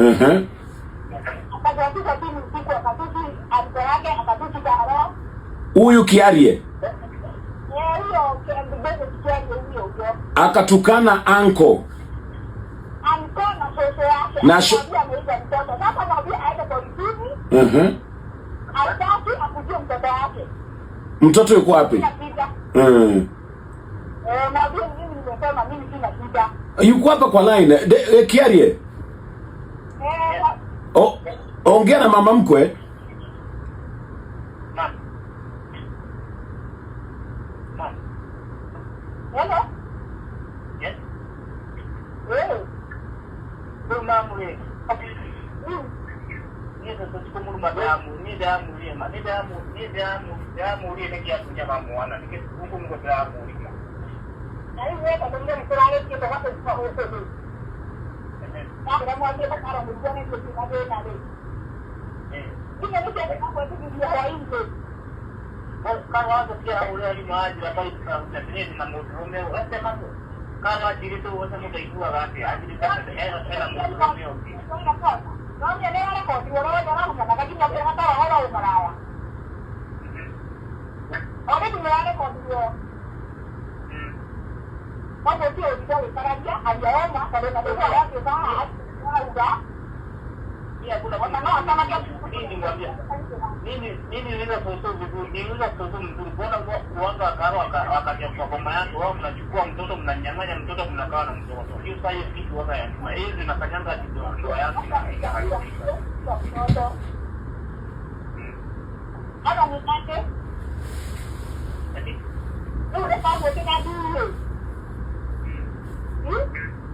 Mhm. Huyu Kiarie akatukana anko na mhm. Mtoto yuko wapi? Mhm. Eh, yuko hapa kwa line. Eh, Kiarie O, ongea na mama mkwe. kama jirito wote mtaijua wapi ajili kama tena mtaijua wapi. Ndio ndio ndio kwa hiyo wao Hapo pia ilikuwa nitarajia hajaona tarehe yake sana mnachukua mtoto mnanyang'anya mtoto mnakaa na mtoto hiyo sasa hiyo kitu waka ya hizi nakanyanga ndoa yangu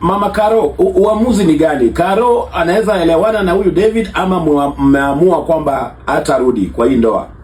Mama karo uamuzi ni gani? karo anaweza elewana na huyu David ama mmeamua kwamba hatarudi kwa hii ndoa?